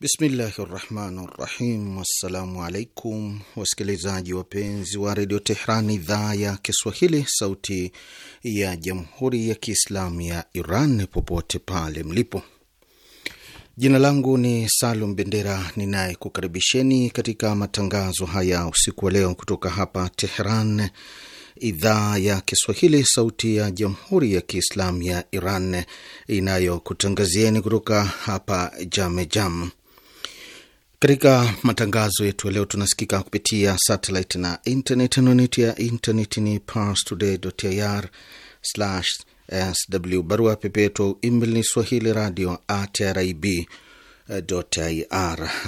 Bismillahi rahmani rahim. Assalamu alaikum wasikilizaji wapenzi wa redio Tehran, idhaa ya Kiswahili, sauti ya jamhuri ya kiislamu ya Iran, popote pale mlipo. Jina langu ni Salum Bendera ninayekukaribisheni katika matangazo haya usiku wa leo kutoka hapa Tehran, idhaa ya Kiswahili, sauti ya jamhuri ya kiislamu ya Iran inayokutangazieni kutoka hapa Jamejam. Katika matangazo yetu leo tunasikika kupitia satellite na internet. Anwani ya internet ni parstoday.ir/sw, barua pepe yetu email ni swahili radio at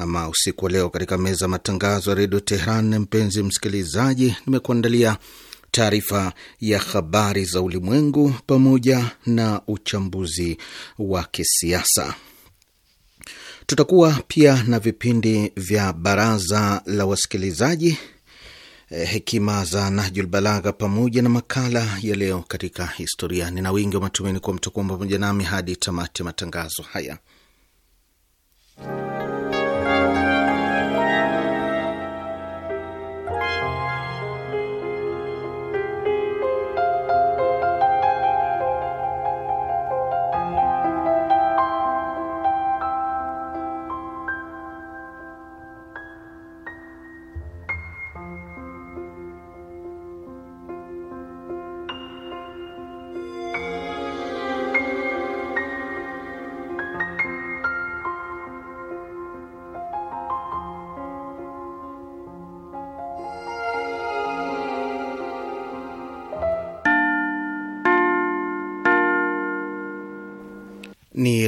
Ama usiku wa leo katika meza ya matangazo ya redio Teheran, mpenzi msikilizaji, nimekuandalia taarifa ya habari za ulimwengu pamoja na uchambuzi wa kisiasa. Tutakuwa pia na vipindi vya baraza la wasikilizaji, eh, hekima za Nahjul Balagha pamoja na makala ya leo katika historia. Nina wingi wa matumaini kuwa mtakuwa pamoja nami hadi tamati ya matangazo haya.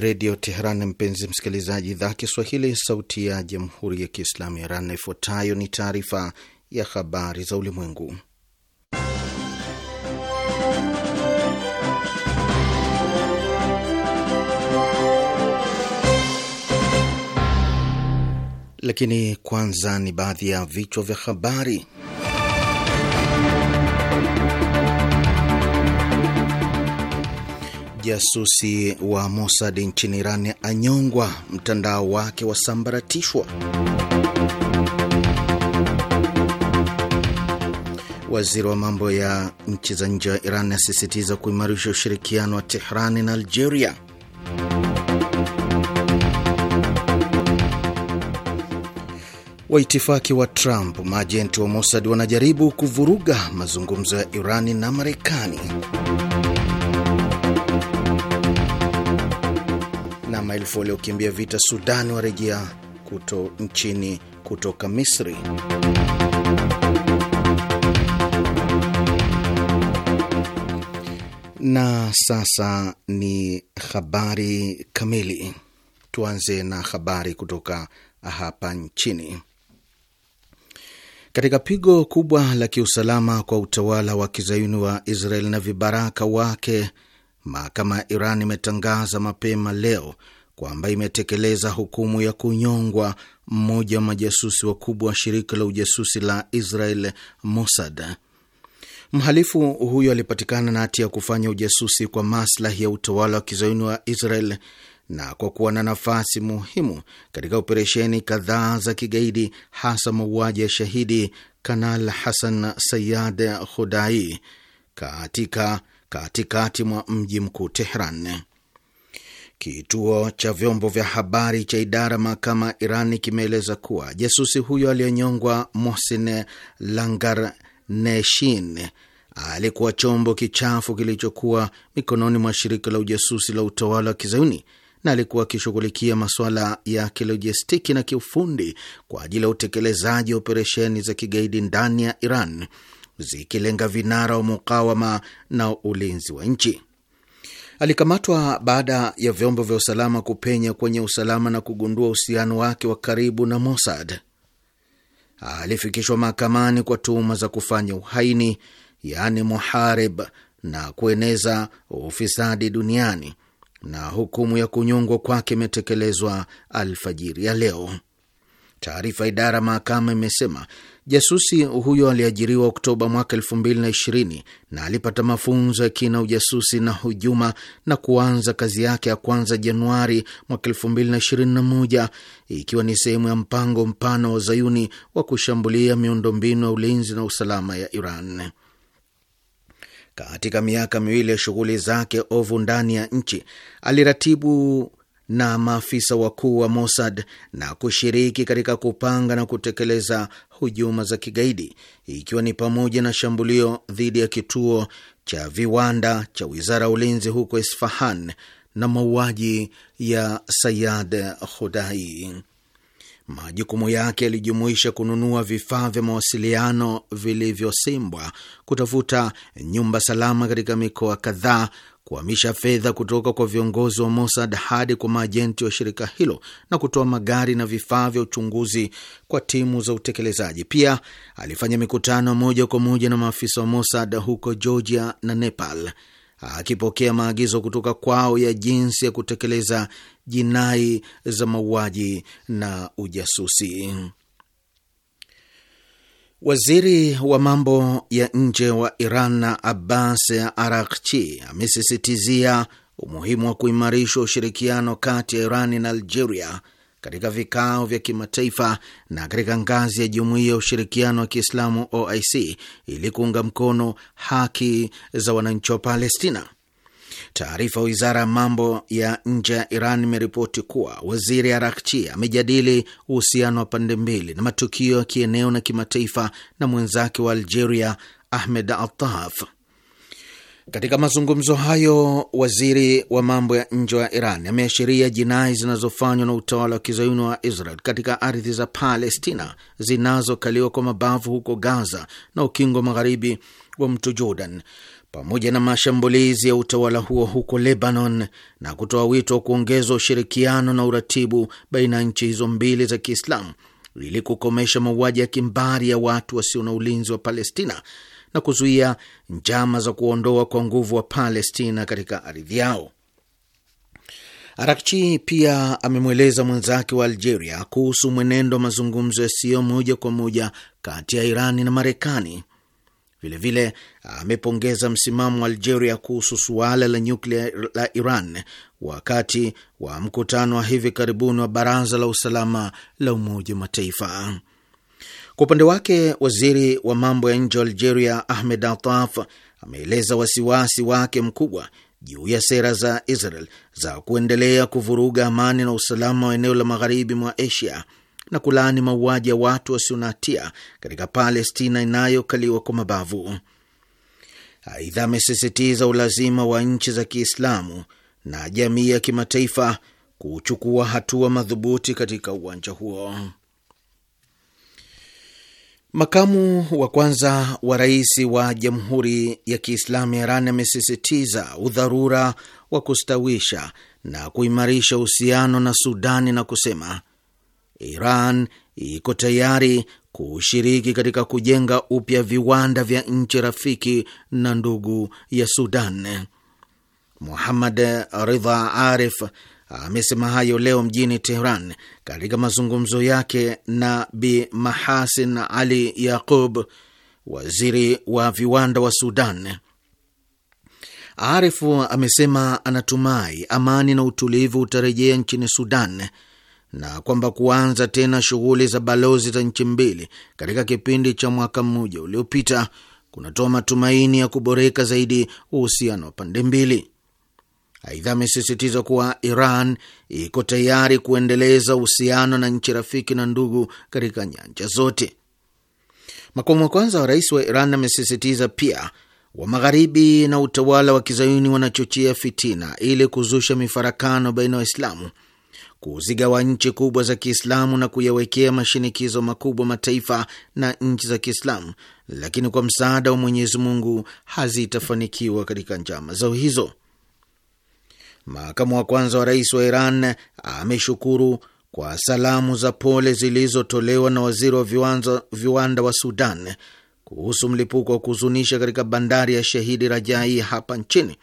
Redio Teheran. Mpenzi msikilizaji, idhaa ya Kiswahili, sauti ya jamhuri ya kiislamu ya Iran. Na ifuatayo ni taarifa ya habari za ulimwengu, lakini kwanza ni baadhi ya vichwa vya habari. jasusi wa Mossad nchini Iran anyongwa, mtandao wake wasambaratishwa. Waziri wa mambo ya nchi za nje wa Iran asisitiza kuimarisha ushirikiano wa Tehrani na Algeria. Waitifaki wa Trump, maajenti wa Mossad wanajaribu kuvuruga mazungumzo ya Irani na Marekani. Maelfu waliokimbia vita Sudan warejea kuto nchini kutoka Misri. Na sasa ni habari kamili. Tuanze na habari kutoka hapa nchini. Katika pigo kubwa la kiusalama kwa utawala wa kizayuni wa Israel na vibaraka wake, mahakama ya Iran imetangaza mapema leo kwamba imetekeleza hukumu ya kunyongwa mmoja wa majasusi wakubwa wa shirika la ujasusi la Israel, Mossad. Mhalifu huyo alipatikana na hatia ya kufanya ujasusi kwa maslahi ya utawala wa kizayuni wa Israel na kwa kuwa na nafasi muhimu katika operesheni kadhaa za kigaidi, hasa mauaji ya shahidi Kanal Hasan Sayad Khudai katikati mwa mji mkuu Tehran. Kituo cha vyombo vya habari cha idara mahakama Irani kimeeleza kuwa jasusi huyo aliyenyongwa Mohsin Langarneshin alikuwa chombo kichafu kilichokuwa mikononi mwa shirika la ujasusi la utawala wa kizayuni na alikuwa akishughulikia masuala ya kilojistiki na kiufundi kwa ajili ya utekelezaji wa operesheni za kigaidi ndani ya Iran zikilenga vinara wa mukawama na ulinzi wa nchi. Alikamatwa baada ya vyombo vya usalama kupenya kwenye usalama na kugundua uhusiano wake wa karibu na Mossad. Alifikishwa mahakamani kwa tuhuma za kufanya uhaini, yaani muharib, na kueneza ufisadi duniani, na hukumu ya kunyongwa kwake imetekelezwa alfajiri ya leo. Taarifa idara mahakama imesema Jasusi huyo aliajiriwa Oktoba mwaka 2020 na alipata mafunzo ya kina ujasusi na hujuma na kuanza kazi yake ya kwanza Januari mwaka 2021 ikiwa ni sehemu ya mpango mpana wa Zayuni wa kushambulia miundombinu ya ulinzi na usalama ya Iran. Katika miaka miwili ya shughuli zake ovu ndani ya nchi aliratibu na maafisa wakuu wa Mossad na kushiriki katika kupanga na kutekeleza hujuma za kigaidi, ikiwa ni pamoja na shambulio dhidi ya kituo cha viwanda cha wizara ya ulinzi huko Isfahan na mauaji ya Sayad Khudai. Majukumu yake yalijumuisha kununua vifaa vya mawasiliano vilivyosimbwa, kutafuta nyumba salama katika mikoa kadhaa, kuhamisha fedha kutoka kwa viongozi wa Mossad hadi kwa maajenti wa shirika hilo na kutoa magari na vifaa vya uchunguzi kwa timu za utekelezaji. Pia alifanya mikutano moja kwa moja na maafisa wa Mossad huko Georgia na Nepal, akipokea maagizo kutoka kwao ya jinsi ya kutekeleza jinai za mauaji na ujasusi. Waziri wa mambo ya nje wa Iran Abbas arakchi amesisitizia umuhimu wa kuimarisha ushirikiano kati ya Irani na Algeria katika vikao vya kimataifa na katika ngazi ya Jumuiya ya Ushirikiano wa Kiislamu OIC ili kuunga mkono haki za wananchi wa Palestina. Taarifa ya wizara ya mambo ya nje ya Iran imeripoti kuwa waziri Arakchi amejadili uhusiano wa pande mbili na matukio ya kieneo na kimataifa na mwenzake wa Algeria Ahmed Altaf. Katika mazungumzo hayo, waziri wa mambo ya nje wa Iran ameashiria jinai zinazofanywa na utawala wa kizayuni wa Israel katika ardhi za Palestina zinazokaliwa kwa mabavu huko Gaza na ukingo magharibi wa mto Jordan pamoja na mashambulizi ya utawala huo huko Lebanon na kutoa wito wa kuongeza ushirikiano na uratibu baina ya nchi hizo mbili za Kiislamu ili kukomesha mauaji ya kimbari ya watu wasio na ulinzi wa Palestina na kuzuia njama za kuondoa kwa nguvu wa Palestina katika ardhi yao. Arakchi pia amemweleza mwenzake wa Algeria kuhusu mwenendo wa mazungumzo yasiyo moja kwa moja kati ya Irani na Marekani. Vilevile amepongeza msimamo wa Algeria kuhusu suala la nyuklia la Iran wakati wa mkutano wa hivi karibuni wa Baraza la Usalama la Umoja wa Mataifa. Kwa upande wake, waziri wa mambo ya nje wa Algeria Ahmed Attaf ameeleza wasiwasi wake mkubwa juu ya sera za Israel za kuendelea kuvuruga amani na usalama wa eneo la magharibi mwa Asia na kulaani mauaji ya watu wasio na hatia katika Palestina inayokaliwa kwa mabavu. Aidha, amesisitiza ulazima wa nchi za Kiislamu na jamii ya kimataifa kuchukua hatua madhubuti katika uwanja huo. Makamu wa kwanza wa rais wa Jamhuri ya Kiislamu ya Iran amesisitiza udharura wa kustawisha na kuimarisha uhusiano na Sudani na kusema Iran iko tayari kushiriki katika kujenga upya viwanda vya nchi rafiki na ndugu ya Sudan. Muhammad Ridha Arif amesema hayo leo mjini Tehran katika mazungumzo yake na Bi Mahasin Ali Yaqub, waziri wa viwanda wa Sudan. Arif amesema anatumai amani na utulivu utarejea nchini Sudan na kwamba kuanza tena shughuli za balozi za nchi mbili katika kipindi cha mwaka mmoja uliopita kunatoa matumaini ya kuboreka zaidi uhusiano wa pande mbili. Aidha, amesisitiza kuwa Iran iko tayari kuendeleza uhusiano na nchi rafiki na ndugu katika nyanja zote. Makamu wa kwanza wa rais wa Iran amesisitiza pia wa magharibi na utawala wa kizayuni wanachochea fitina ili kuzusha mifarakano baina ya Waislamu kuzigawa nchi kubwa za Kiislamu na kuyawekea mashinikizo makubwa mataifa na nchi za Kiislamu, lakini kwa msaada wa Mwenyezi Mungu hazitafanikiwa katika njama zao hizo. Makamu wa kwanza wa rais wa Iran ameshukuru kwa salamu za pole zilizotolewa na waziri wa viwanza, viwanda wa Sudan kuhusu mlipuko wa kuhuzunisha katika bandari ya Shahidi Rajai hapa nchini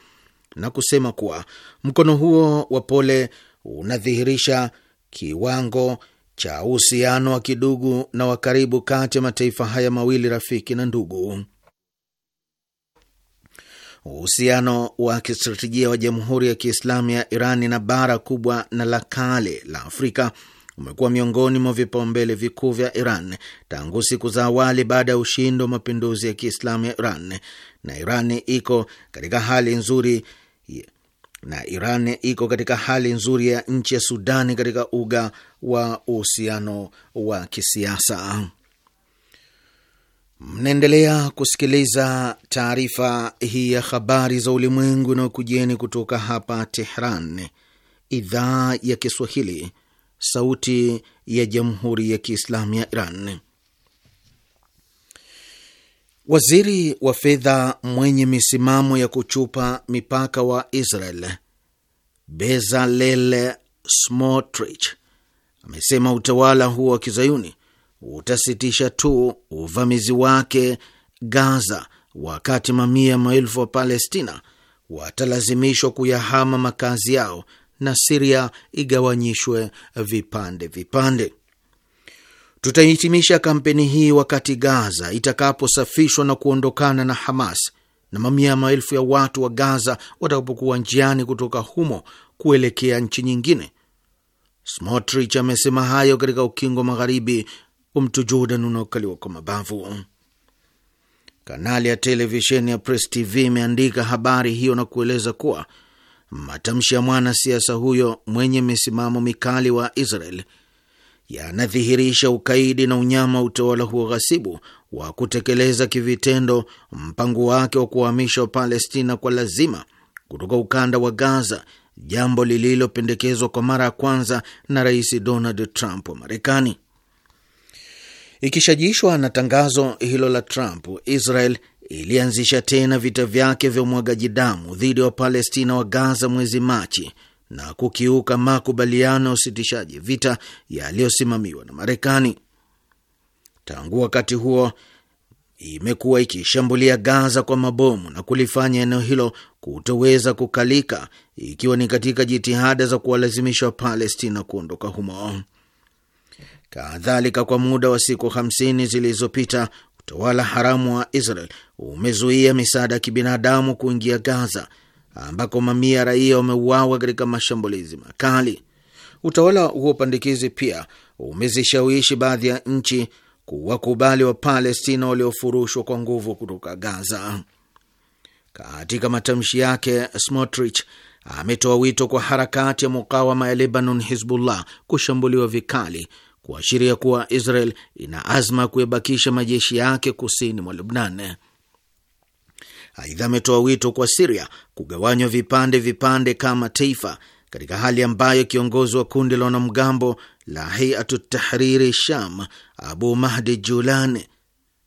na kusema kuwa mkono huo wa pole unadhihirisha kiwango cha uhusiano wa kidugu na wa karibu kati ya mataifa haya mawili rafiki na ndugu. Uhusiano wa kistratejia wa Jamhuri ya Kiislamu ya Irani na bara kubwa na la kale la Afrika umekuwa miongoni mwa vipaumbele vikuu vya Iran tangu siku za awali baada ya ushindi wa mapinduzi ya Kiislamu ya Iran, na Iran iko katika hali nzuri na Iran iko katika hali nzuri ya nchi ya Sudani katika uga wa uhusiano wa kisiasa. Mnaendelea kusikiliza taarifa hii ya habari za ulimwengu inayokujieni kutoka hapa Tehran, idhaa ya Kiswahili, sauti ya jamhuri ya kiislamu ya Iran. Waziri wa fedha mwenye misimamo ya kuchupa mipaka wa Israel Bezalel Smotrich amesema utawala huo wa kizayuni utasitisha tu uvamizi wake Gaza wakati mamia maelfu wa Palestina watalazimishwa kuyahama makazi yao na Siria igawanyishwe vipande vipande. Tutahitimisha kampeni hii wakati Gaza itakaposafishwa na kuondokana na Hamas na mamia maelfu ya watu wa Gaza watakapokuwa njiani kutoka humo kuelekea nchi nyingine. Smotrich amesema hayo katika ukingo magharibi wa mto Jordan unaokaliwa kwa mabavu. Kanali ya televisheni ya Press TV imeandika habari hiyo na kueleza kuwa matamshi ya mwanasiasa huyo mwenye misimamo mikali wa Israel yanadhihirisha ukaidi na unyama wa utawala huo ghasibu wa kutekeleza kivitendo mpango wake wa kuhamisha Wapalestina kwa lazima kutoka ukanda wa Gaza, jambo lililopendekezwa kwa mara ya kwanza na Rais Donald Trump wa Marekani. Ikishajishwa na tangazo hilo la Trump, Israel ilianzisha tena vita vyake vya umwagaji damu dhidi ya Wapalestina wa Gaza mwezi Machi na kukiuka makubaliano ya usitishaji vita yaliyosimamiwa na Marekani. Tangu wakati huo imekuwa ikishambulia Gaza kwa mabomu na kulifanya eneo hilo kutoweza kukalika, ikiwa ni katika jitihada za kuwalazimisha Wapalestina kuondoka humo. Kadhalika, kwa muda wa siku 50 zilizopita utawala haramu wa Israel umezuia misaada ya kibinadamu kuingia Gaza ambako mamia raia wameuawa katika mashambulizi makali. Utawala huo upandikizi pia umezishawishi baadhi ya nchi kuwakubali Wapalestina waliofurushwa kwa nguvu kutoka Gaza. Katika matamshi yake, Smotrich ametoa wito kwa harakati ya mukawama ya Lebanon, Hizbullah, kushambuliwa vikali, kuashiria kuwa Israel ina azma ya kuyabakisha majeshi yake kusini mwa Lubnan. Aidha, ametoa wito kwa Siria kugawanywa vipande vipande kama taifa katika hali ambayo kiongozi wa kundi la wanamgambo la Hiatu Tahriri Sham Abu Mahdi Julani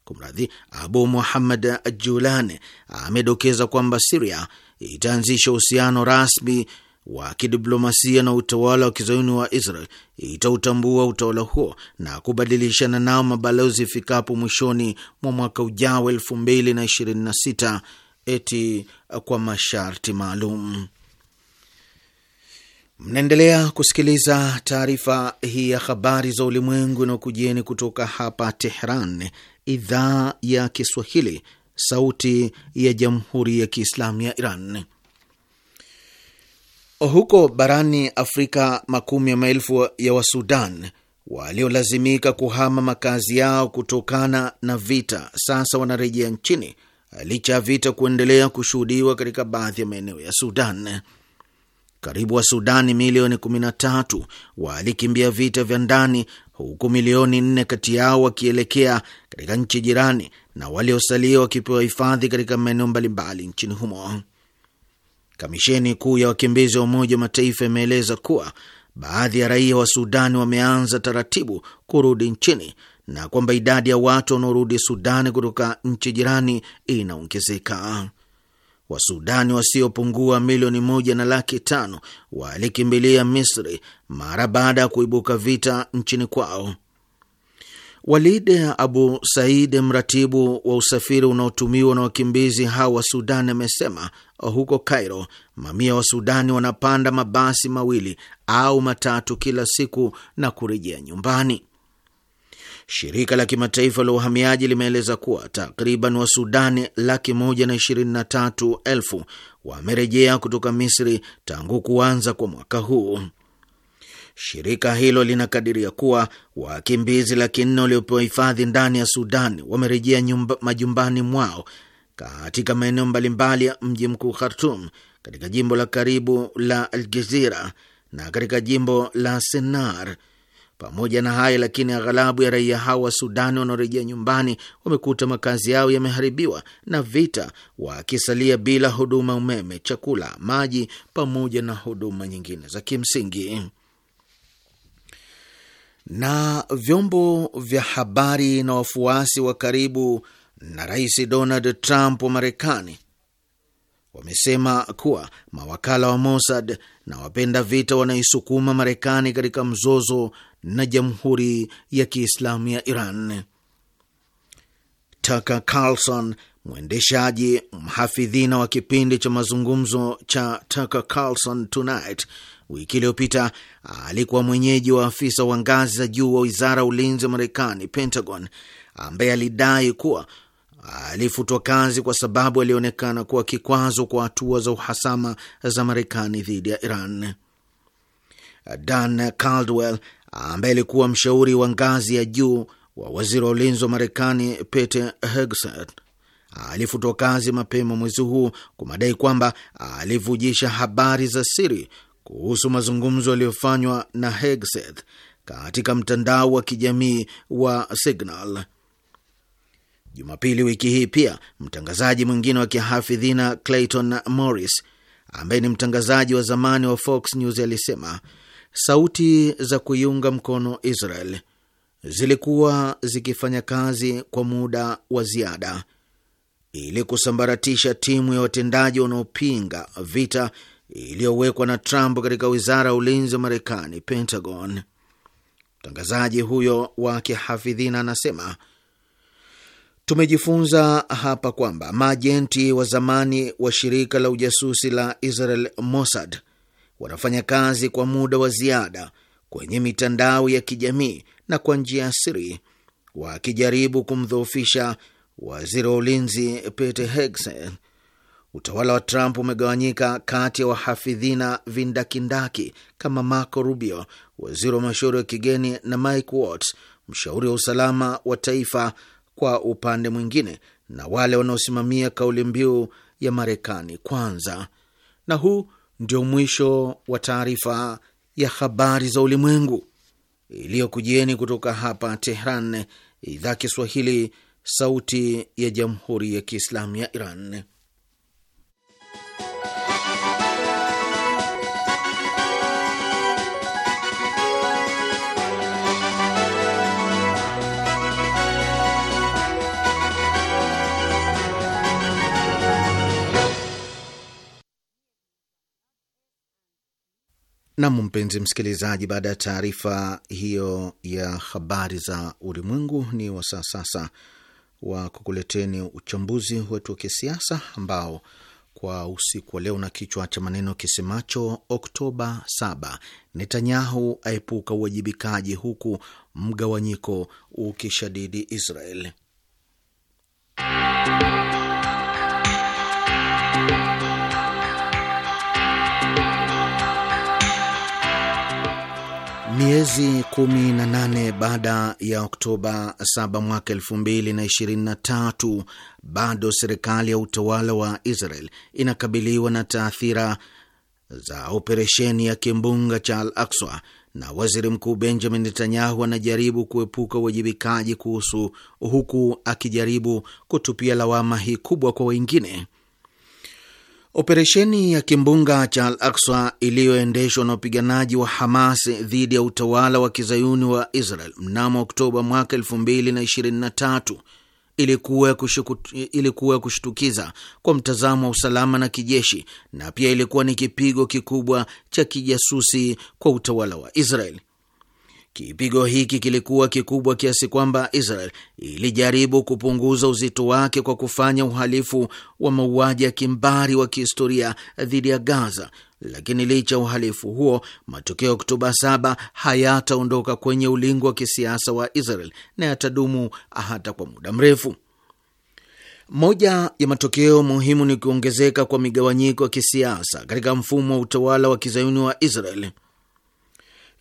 kumradhi, Abu Muhammad Julani amedokeza kwamba Siria itaanzisha uhusiano rasmi wa kidiplomasia na utawala wa kizayuni wa Israel itautambua utawala huo na kubadilishana nao mabalozi ifikapo mwishoni mwa mwaka ujao elfu mbili na ishirini na sita eti kwa masharti maalum. Mnaendelea kusikiliza taarifa hii ya habari za ulimwengu inayokujieni kutoka hapa Tehran, idhaa ya Kiswahili, sauti ya jamhuri ya kiislamu ya Iran. Huko barani Afrika, makumi ya maelfu ya Wasudan waliolazimika kuhama makazi yao kutokana na vita sasa wanarejea nchini licha ya vita kuendelea kushuhudiwa katika baadhi ya maeneo ya Sudan. Karibu Wasudani milioni 13 walikimbia vita vya ndani, huku milioni nne kati yao wakielekea katika nchi jirani na waliosalia wakipewa hifadhi katika maeneo mbalimbali nchini humo. Kamisheni kuu ya wakimbizi wa Umoja wa Mataifa imeeleza kuwa baadhi ya raia wa Sudani wameanza taratibu kurudi nchini na kwamba idadi ya watu wanaorudi Sudani kutoka nchi jirani inaongezeka. Wasudani wasiopungua milioni moja na laki tano walikimbilia Misri mara baada ya kuibuka vita nchini kwao. Walid Abu Said, mratibu wa usafiri unaotumiwa na wakimbizi hawa wa Sudani, amesema huko Cairo mamia wa Sudani wanapanda mabasi mawili au matatu kila siku na kurejea nyumbani. Shirika la kimataifa la uhamiaji limeeleza kuwa takriban Wasudani laki moja na ishirini na tatu elfu wamerejea kutoka Misri tangu kuanza kwa mwaka huu. Shirika hilo linakadiria kuwa wakimbizi laki nne waliopewa hifadhi ndani ya Sudan wamerejea majumbani mwao katika maeneo mbalimbali ya mji mkuu Khartum, katika jimbo la karibu la Aljazira na katika jimbo la Sennar. Pamoja na haya lakini, aghalabu ya raia hao wa Sudani wanaorejea nyumbani wamekuta makazi yao yameharibiwa na vita, wakisalia bila huduma umeme, chakula, maji pamoja na huduma nyingine za kimsingi na vyombo vya habari na wafuasi wa karibu na Rais Donald Trump wa Marekani wamesema kuwa mawakala wa Mossad na wapenda vita wanaisukuma Marekani katika mzozo na Jamhuri ya Kiislamu ya Iran. Tucker Carlson, mwendeshaji mhafidhina wa kipindi cha mazungumzo cha Tucker Carlson Tonight wiki iliyopita alikuwa mwenyeji wa afisa wa ngazi za juu wa wizara ya ulinzi wa Marekani, Pentagon, ambaye alidai kuwa alifutwa kazi kwa sababu alionekana kuwa kikwazo kwa hatua za uhasama za Marekani dhidi ya Iran. Dan Caldwell ambaye alikuwa mshauri wa ngazi ya juu wa waziri wa ulinzi wa Marekani Pete Hegseth alifutwa kazi mapema mwezi huu kwa madai kwamba alivujisha habari za siri kuhusu mazungumzo yaliyofanywa na Hegseth katika mtandao wa kijamii wa Signal. Jumapili wiki hii pia mtangazaji mwingine wa kihafidhina Clayton Morris ambaye ni mtangazaji wa zamani wa Fox News alisema sauti za kuiunga mkono Israel zilikuwa zikifanya kazi kwa muda wa ziada ili kusambaratisha timu ya watendaji wanaopinga vita iliyowekwa na Trump katika wizara ya ulinzi wa Marekani, Pentagon. Mtangazaji huyo wa kihafidhina anasema tumejifunza hapa kwamba majenti wa zamani wa shirika la ujasusi la Israel Mossad wanafanya kazi kwa muda wa ziada kwenye mitandao ya kijamii na kwa njia ya siri, wakijaribu kumdhoofisha waziri wa ulinzi Pete Hegseth Utawala wa Trump umegawanyika kati ya wahafidhina vindakindaki kama Marco Rubio, waziri wa mashauri wa kigeni, na Mike Waltz, mshauri wa usalama wa taifa, kwa upande mwingine, na wale wanaosimamia kauli mbiu ya Marekani kwanza. Na huu ndio mwisho wa taarifa ya habari za ulimwengu iliyokujieni kutoka hapa Tehran, idhaa Kiswahili, sauti ya jamhuri ya kiislamu ya Iran. Nam, mpenzi msikilizaji, baada ya taarifa hiyo ya habari za ulimwengu, ni wasaa sasa wa kukuleteni uchambuzi wetu wa kisiasa ambao kwa usiku wa leo na kichwa cha maneno kisemacho Oktoba 7 Netanyahu aepuka uwajibikaji huku mgawanyiko ukishadidi Israel. Miezi 18 baada ya Oktoba 7 mwaka 2023 bado serikali ya utawala wa Israel inakabiliwa na taathira za operesheni ya kimbunga cha Al Akswa, na waziri mkuu Benjamin Netanyahu anajaribu kuepuka uwajibikaji kuhusu, huku akijaribu kutupia lawama hii kubwa kwa wengine. Operesheni ya kimbunga cha Al Aksa iliyoendeshwa na wapiganaji wa Hamas dhidi ya utawala wa kizayuni wa Israel mnamo Oktoba mwaka 2023 ilikuwa ya kushtukiza kwa mtazamo wa usalama na kijeshi, na pia ilikuwa ni kipigo kikubwa cha kijasusi kwa utawala wa Israel. Kipigo hiki kilikuwa kikubwa kiasi kwamba Israel ilijaribu kupunguza uzito wake kwa kufanya uhalifu wa mauaji ya kimbari wa kihistoria dhidi ya Gaza, lakini licha uhalifu huo, matokeo ya Oktoba saba hayataondoka kwenye ulingo wa kisiasa wa Israel na yatadumu hata kwa muda mrefu. Moja ya matokeo muhimu ni kuongezeka kwa migawanyiko ya kisiasa katika mfumo wa utawala wa kizayuni wa Israel.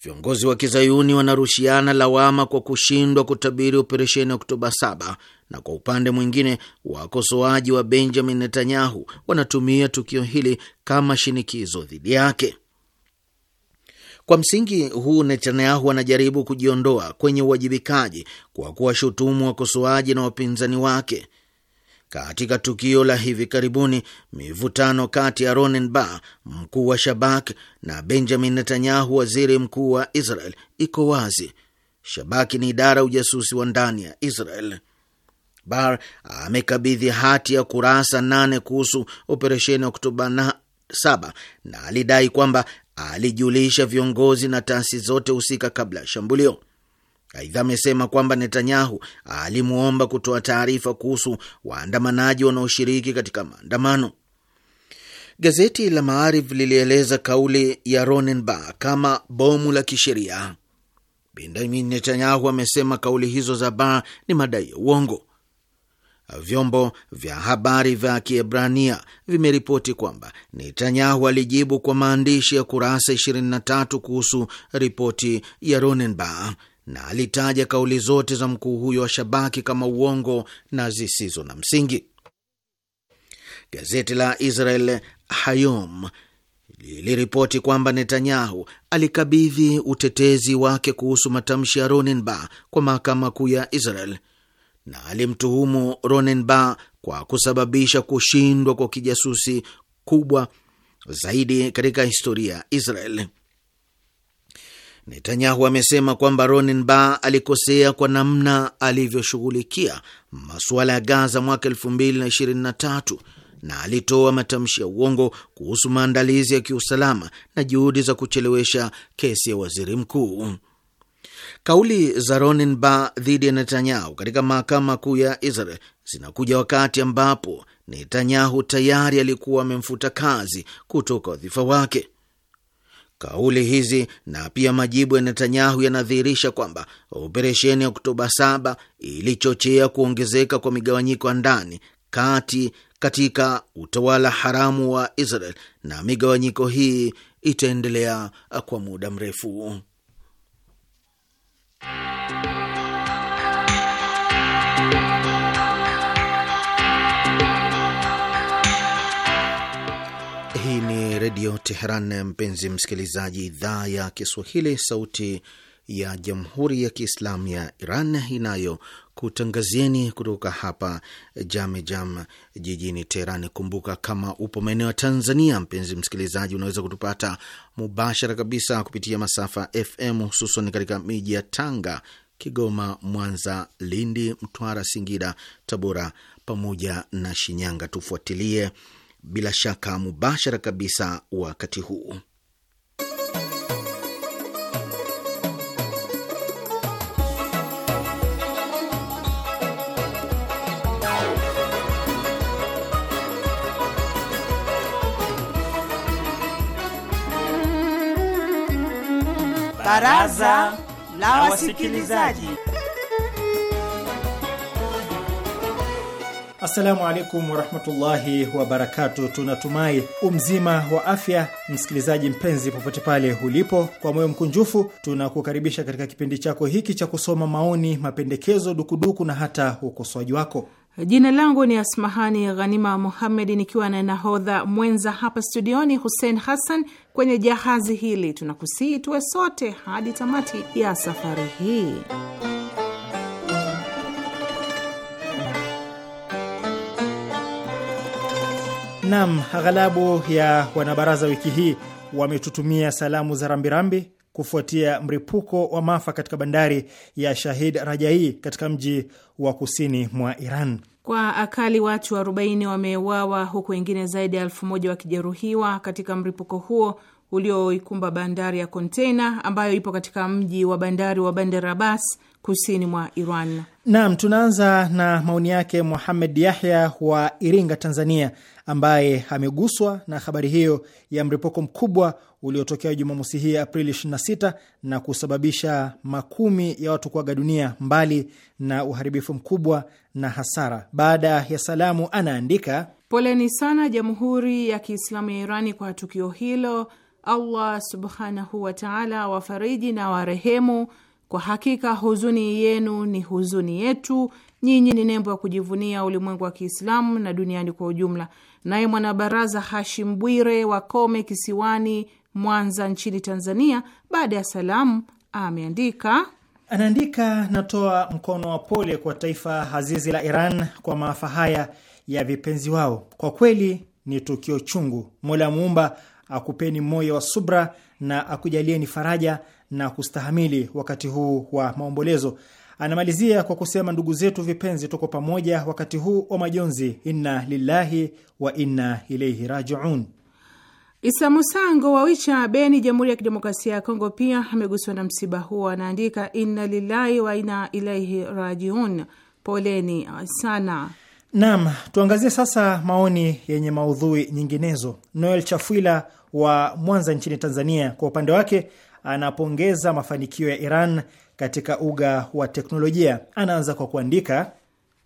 Viongozi wa kizayuni wanarushiana lawama kwa kushindwa kutabiri operesheni Oktoba 7 na kwa upande mwingine wakosoaji wa Benjamin Netanyahu wanatumia tukio hili kama shinikizo dhidi yake. Kwa msingi huu, Netanyahu anajaribu kujiondoa kwenye uwajibikaji kwa kuwashutumu wakosoaji na wapinzani wake. Katika tukio la hivi karibuni, mivutano kati ya bar mkuu wa Shabak, na Benjamin Netanyahu, waziri mkuu wa Israel, iko wazi. Shabaki ni idara ya ujasusi wa ndani ya Israel. Bar amekabidhi hati ya kurasa nane kuhusu operesheni Oktoba na saba na alidai kwamba alijulisha viongozi na taasisi zote husika kabla ya shambulio. Aidha, amesema kwamba Netanyahu alimwomba kutoa taarifa kuhusu waandamanaji wanaoshiriki katika maandamano. Gazeti la Maarif lilieleza kauli ya Ronenberg kama bomu la kisheria. Benjamin Netanyahu amesema kauli hizo za Bar ni madai ya uongo. Vyombo vya habari vya Kiebrania vimeripoti kwamba Netanyahu alijibu kwa maandishi ya kurasa 23 kuhusu ripoti ya Ronenberg na alitaja kauli zote za mkuu huyo wa Shabaki kama uongo na zisizo na msingi. Gazeti la Israel Hayom liliripoti kwamba Netanyahu alikabidhi utetezi wake kuhusu matamshi ya Ronenbar kwa mahakama kuu ya Israel na alimtuhumu Ronenbar kwa kusababisha kushindwa kwa kijasusi kubwa zaidi katika historia ya Israel. Netanyahu amesema kwamba Ronen Bar alikosea kwa namna alivyoshughulikia masuala ya Gaza mwaka 2023 na alitoa matamshi ya uongo kuhusu maandalizi ya kiusalama na juhudi za kuchelewesha kesi ya waziri mkuu. Kauli za Ronen Bar dhidi ya Netanyahu katika mahakama kuu ya Israel zinakuja wakati ambapo Netanyahu tayari alikuwa amemfuta kazi kutoka wadhifa wake. Kauli hizi na pia majibu ya Netanyahu yanadhihirisha kwamba operesheni ya Oktoba 7 ilichochea kuongezeka kwa migawanyiko ya ndani kati katika utawala haramu wa Israel na migawanyiko hii itaendelea kwa muda mrefu. Redio Teheran. Mpenzi msikilizaji, idhaa ya Kiswahili, sauti ya jamhuri ya Kiislamu ya Iran inayokutangazieni kutoka hapa Jame Jam jijini Teheran. Kumbuka, kama upo maeneo ya Tanzania, mpenzi msikilizaji, unaweza kutupata mubashara kabisa kupitia masafa FM, hususan katika miji ya Tanga, Kigoma, Mwanza, Lindi, Mtwara, Singida, Tabora pamoja na Shinyanga. Tufuatilie bila shaka mubashara kabisa wakati huu. Baraza la Wasikilizaji. Assalamu alaikum warahmatullahi wabarakatu. Tunatumai umzima wa afya, msikilizaji mpenzi, popote pale ulipo. Kwa moyo mkunjufu tunakukaribisha katika kipindi chako hiki cha kusoma maoni, mapendekezo, dukuduku na hata ukosoaji wako. Jina langu ni Asmahani Ghanima Muhammed, nikiwa na nahodha mwenza hapa studioni Hussein Hassan. Kwenye jahazi hili tunakusihi tuwe sote hadi tamati ya safari hii. Nam, aghalabu ya wanabaraza wiki hii wametutumia salamu za rambirambi kufuatia mripuko wa maafa katika bandari ya Shahid Rajai katika mji wa kusini mwa Iran. Kwa akali watu 40 wameuawa huku wengine zaidi ya elfu moja wakijeruhiwa katika mripuko huo ulioikumba bandari ya konteina ambayo ipo katika mji wa bandari wa Bandar Abbas kusini mwa Iran. Naam, tunaanza na maoni yake Muhamed Yahya wa Iringa, Tanzania, ambaye ameguswa na habari hiyo ya mlipuko mkubwa uliotokea Jumamosi hii Aprili 26 na kusababisha makumi ya watu kuaga dunia, mbali na uharibifu mkubwa na hasara. Baada ya salamu, anaandika poleni sana Jamhuri ya Kiislamu ya Irani kwa tukio hilo. Allah subhanahu wataala wafariji na warehemu. Kwa hakika huzuni yenu ni huzuni yetu Nyinyi ni nembo ya kujivunia ulimwengu wa Kiislamu na duniani kwa ujumla. Naye mwanabaraza Hashim Bwire Wakome kisiwani Mwanza nchini Tanzania, baada ya salamu ameandika anaandika natoa mkono wa pole kwa taifa hazizi la Iran kwa maafa haya ya vipenzi wao. Kwa kweli ni tukio chungu. Mola Muumba akupeni moyo wa subra na akujalieni faraja na kustahamili wakati huu wa maombolezo. Anamalizia kwa kusema, ndugu zetu vipenzi, tuko pamoja wakati huu wa majonzi, inna lillahi wa inna ilaihi rajiun. Isa Musango wa Wicha Beni, Jamhuri ya Kidemokrasia ya Kongo, pia ameguswa na msiba huo. Anaandika, inna lillahi wa inna ilaihi rajiun. Poleni sana. Naam, tuangazie sasa maoni yenye maudhui nyinginezo. Noel Chafuila wa Mwanza nchini Tanzania, kwa upande wake anapongeza mafanikio ya Iran katika uga wa teknolojia. Anaanza kwa kuandika,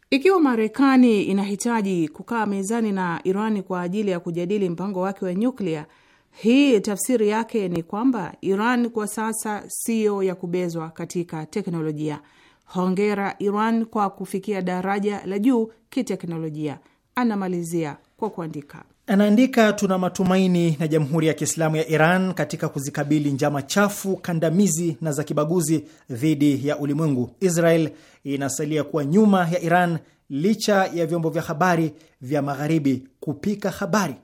ikiwa Marekani inahitaji kukaa mezani na Irani kwa ajili ya kujadili mpango wake wa nyuklia, hii tafsiri yake ni kwamba Iran kwa sasa siyo ya kubezwa katika teknolojia. Hongera Iran kwa kufikia daraja la juu kiteknolojia. Anamalizia kwa kuandika Anaandika, tuna matumaini na Jamhuri ya Kiislamu ya Iran katika kuzikabili njama chafu, kandamizi na za kibaguzi dhidi ya ulimwengu. Israel inasalia kuwa nyuma ya Iran licha ya vyombo vya habari vya magharibi kupika habari.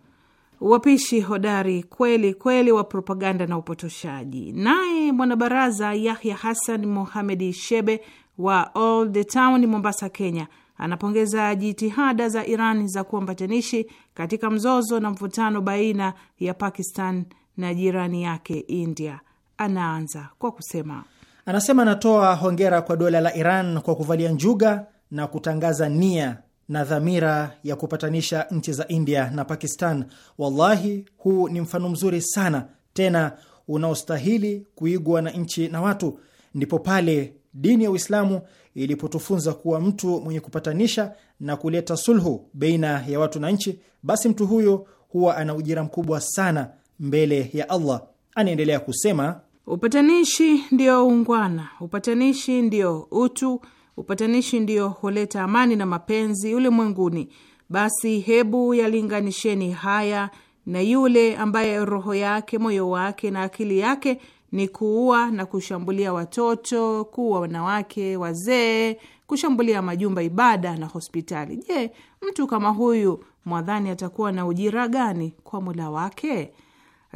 Wapishi hodari kweli kweli wa propaganda na upotoshaji. Naye mwanabaraza Yahya Hassan Mohamedi Shebe wa Old Town, Mombasa, Kenya Anapongeza jitihada za Iran za kuwa mpatanishi katika mzozo na mvutano baina ya Pakistan na jirani yake India. Anaanza kwa kusema, anasema anatoa hongera kwa dola la Iran kwa kuvalia njuga na kutangaza nia na dhamira ya kupatanisha nchi za India na Pakistan. Wallahi, huu ni mfano mzuri sana tena unaostahili kuigwa na nchi na watu. Ndipo pale dini ya Uislamu ilipotufunza kuwa mtu mwenye kupatanisha na kuleta sulhu baina ya watu na nchi, basi mtu huyo huwa ana ujira mkubwa sana mbele ya Allah. Anaendelea kusema, upatanishi ndio uungwana, upatanishi ndio utu, upatanishi ndio huleta amani na mapenzi ulimwenguni. Basi hebu yalinganisheni haya na yule ambaye roho yake, moyo wake na akili yake ni kuua na kushambulia watoto, kuua wanawake, wazee, kushambulia majumba ibada na hospitali. Je, mtu kama huyu mwadhani atakuwa na ujira gani kwa mula wake?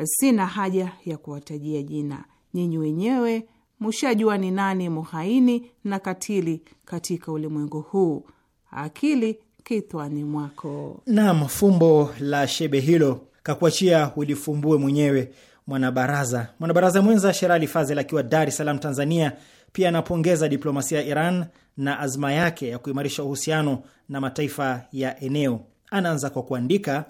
Sina haja ya kuwatajia jina, nyinyi wenyewe mshajua ni nani muhaini na katili katika ulimwengu huu. Akili kitwani mwako. Naam, fumbo la shebe hilo kakuachia ulifumbue mwenyewe mwanabaraza mwanabaraza mwenza Sherali Fazel akiwa Dar es Salaam, Tanzania, pia anapongeza diplomasia ya Iran na azma yake ya kuimarisha uhusiano na mataifa ya eneo. Anaanza kwa kuandika,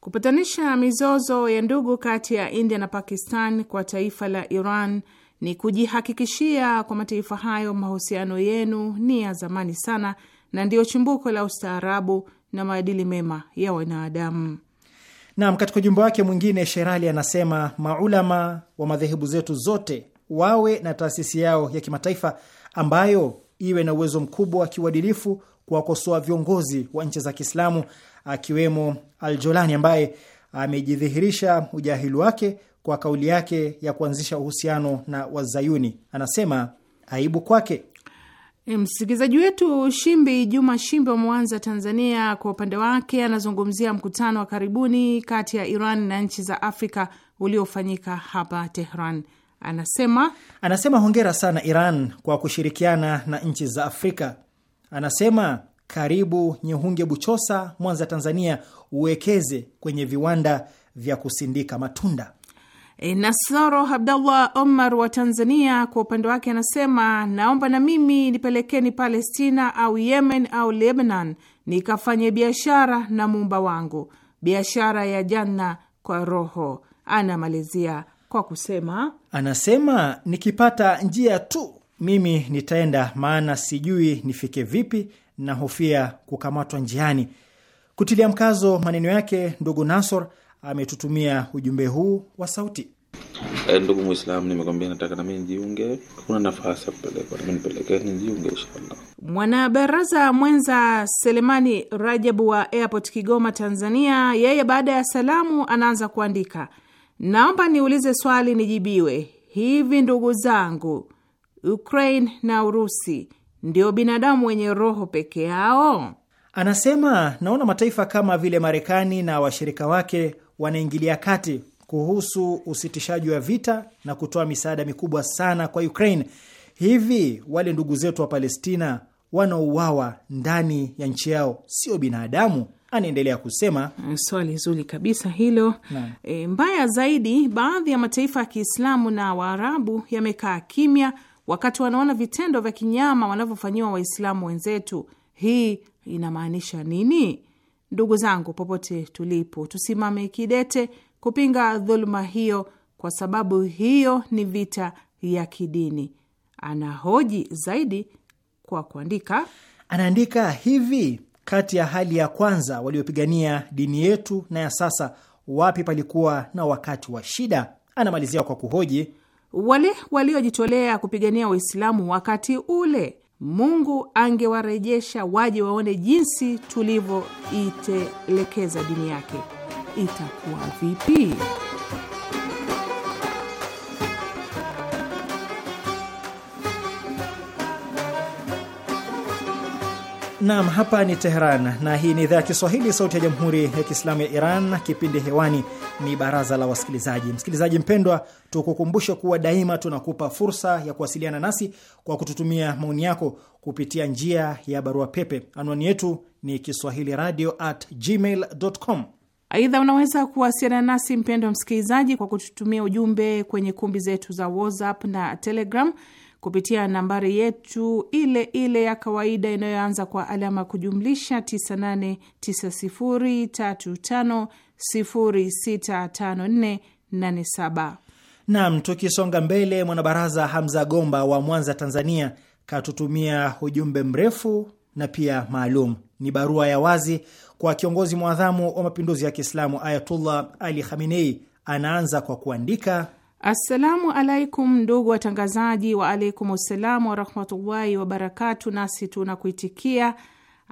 kupatanisha mizozo ya ndugu kati ya India na Pakistan kwa taifa la Iran ni kujihakikishia kwa mataifa hayo mahusiano yenu ni ya zamani sana na ndiyo chimbuko la ustaarabu na maadili mema ya wanadamu. Naam, katika ujumbe wake mwingine Sherali anasema maulama wa madhehebu zetu zote wawe na taasisi yao ya kimataifa ambayo iwe na uwezo mkubwa wa kiuadilifu kuwakosoa viongozi wa nchi za Kiislamu akiwemo Aljolani ambaye amejidhihirisha ujahili wake kwa kauli yake ya kuanzisha uhusiano na Wazayuni. Anasema aibu kwake Eh, msikilizaji wetu Shimbi Juma Shimbi wa Mwanza, Tanzania, kwa upande wake anazungumzia mkutano wa karibuni kati ya Iran na nchi za Afrika uliofanyika hapa Tehran. Anasema anasema hongera sana Iran kwa kushirikiana na nchi za Afrika. Anasema karibu Nyehunge Buchosa, Mwanza, Tanzania, uwekeze kwenye viwanda vya kusindika matunda. E, Nasoro Abdallah Omar wa Tanzania kwa upande wake anasema, naomba na mimi nipelekeni Palestina au Yemen au Lebanon nikafanye biashara na muumba wangu, biashara ya janna kwa roho. Anamalizia kwa kusema, anasema nikipata njia tu mimi nitaenda, maana sijui nifike vipi, na hofia kukamatwa njiani. Kutilia mkazo maneno yake ndugu Nasor ametutumia ujumbe huu wa sauti. E, ndugu Muislamu, nimekwambia nataka nami nijiunge. Kuna nafasi ya kupelekwa nami nipelekee, nijiunge inshallah. Mwanabaraza mwenza Selemani Rajabu wa Airport Kigoma, Tanzania, yeye baada ya salamu anaanza kuandika, naomba niulize swali nijibiwe. Hivi ndugu zangu, Ukraine na Urusi ndio binadamu wenye roho peke yao? Anasema naona mataifa kama vile Marekani na washirika wake wanaingilia kati kuhusu usitishaji wa vita na kutoa misaada mikubwa sana kwa Ukraine. Hivi wale ndugu zetu wa Palestina wanaouawa ndani ya nchi yao sio binadamu? Anaendelea kusema mm, swali zuri kabisa hilo. E, mbaya zaidi, baadhi ya mataifa ya Kiislamu na Waarabu yamekaa kimya wakati wanaona vitendo vya kinyama wanavyofanyiwa Waislamu wenzetu. Hii inamaanisha nini? Ndugu zangu, popote tulipo, tusimame kidete kupinga dhuluma hiyo, kwa sababu hiyo ni vita ya kidini. Anahoji zaidi kwa kuandika, anaandika hivi: kati ya hali ya kwanza waliopigania dini yetu na ya sasa, wapi palikuwa na wakati wa shida? Anamalizia kwa kuhoji wale waliojitolea kupigania Waislamu wakati ule Mungu angewarejesha waje waone jinsi tulivyoitelekeza dini yake, itakuwa vipi? Naam, hapa ni Teheran na hii ni idhaa ya Kiswahili, sauti ya jamhuri ya kiislamu ya Iran. Kipindi hewani ni baraza la wasikilizaji. Msikilizaji mpendwa, tukukumbushe kuwa daima tunakupa fursa ya kuwasiliana nasi kwa kututumia maoni yako kupitia njia ya barua pepe. Anwani yetu ni kiswahili radio at gmail com. Aidha, unaweza kuwasiliana nasi mpendwa msikilizaji, kwa kututumia ujumbe kwenye kumbi zetu za WhatsApp na Telegram kupitia nambari yetu ile ile ya kawaida inayoanza kwa alama kujumlisha 989035065487. nam tukisonga mbele, mwanabaraza Hamza Gomba wa Mwanza, Tanzania, katutumia ujumbe mrefu na pia maalum. Ni barua ya wazi kwa kiongozi mwadhamu wa mapinduzi ya Kiislamu Ayatullah Ali Khamenei. Anaanza kwa kuandika Assalamu alaikum ndugu watangazaji, wa alaikum wassalamu warahmatullahi wabarakatu. Nasi tuna kuitikia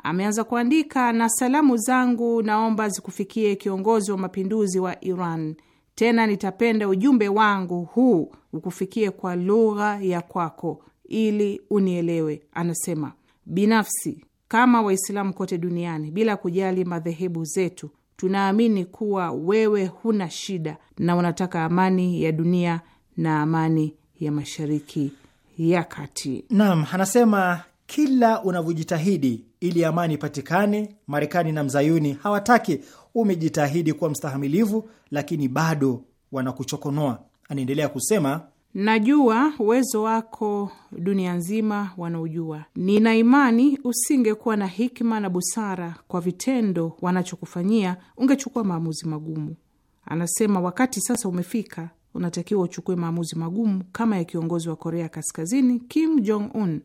Ameanza kuandika na salamu zangu naomba zikufikie kiongozi wa mapinduzi wa Iran. Tena nitapenda ujumbe wangu huu ukufikie kwa lugha ya kwako ili unielewe. Anasema binafsi, kama Waislamu kote duniani bila kujali madhehebu zetu tunaamini kuwa wewe huna shida na unataka amani ya dunia na amani ya Mashariki ya Kati. Naam, anasema kila unavyojitahidi ili amani ipatikane, Marekani na mzayuni hawataki. Umejitahidi kuwa mstahamilivu, lakini bado wanakuchokonoa. Anaendelea kusema Najua uwezo wako dunia nzima wanaojua. Nina imani usingekuwa na hikima na busara kwa vitendo wanachokufanyia, ungechukua maamuzi magumu. Anasema wakati sasa umefika, unatakiwa uchukue maamuzi magumu kama ya kiongozi wa Korea Kaskazini Kim Jong Un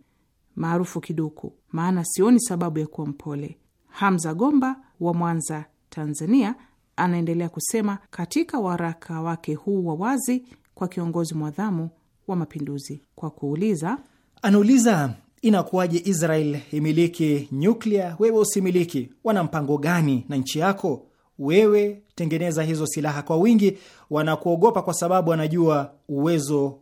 maarufu Kiduku, maana sioni sababu ya kuwa mpole. Hamza Gomba wa Mwanza, Tanzania, anaendelea kusema katika waraka wake huu wa wazi kwa kiongozi mwadhamu wa mapinduzi kwa kuuliza, anauliza inakuwaje Israel imiliki nyuklia, wewe usimiliki? Wana mpango gani na nchi yako? Wewe tengeneza hizo silaha kwa wingi, wanakuogopa kwa sababu wanajua uwezo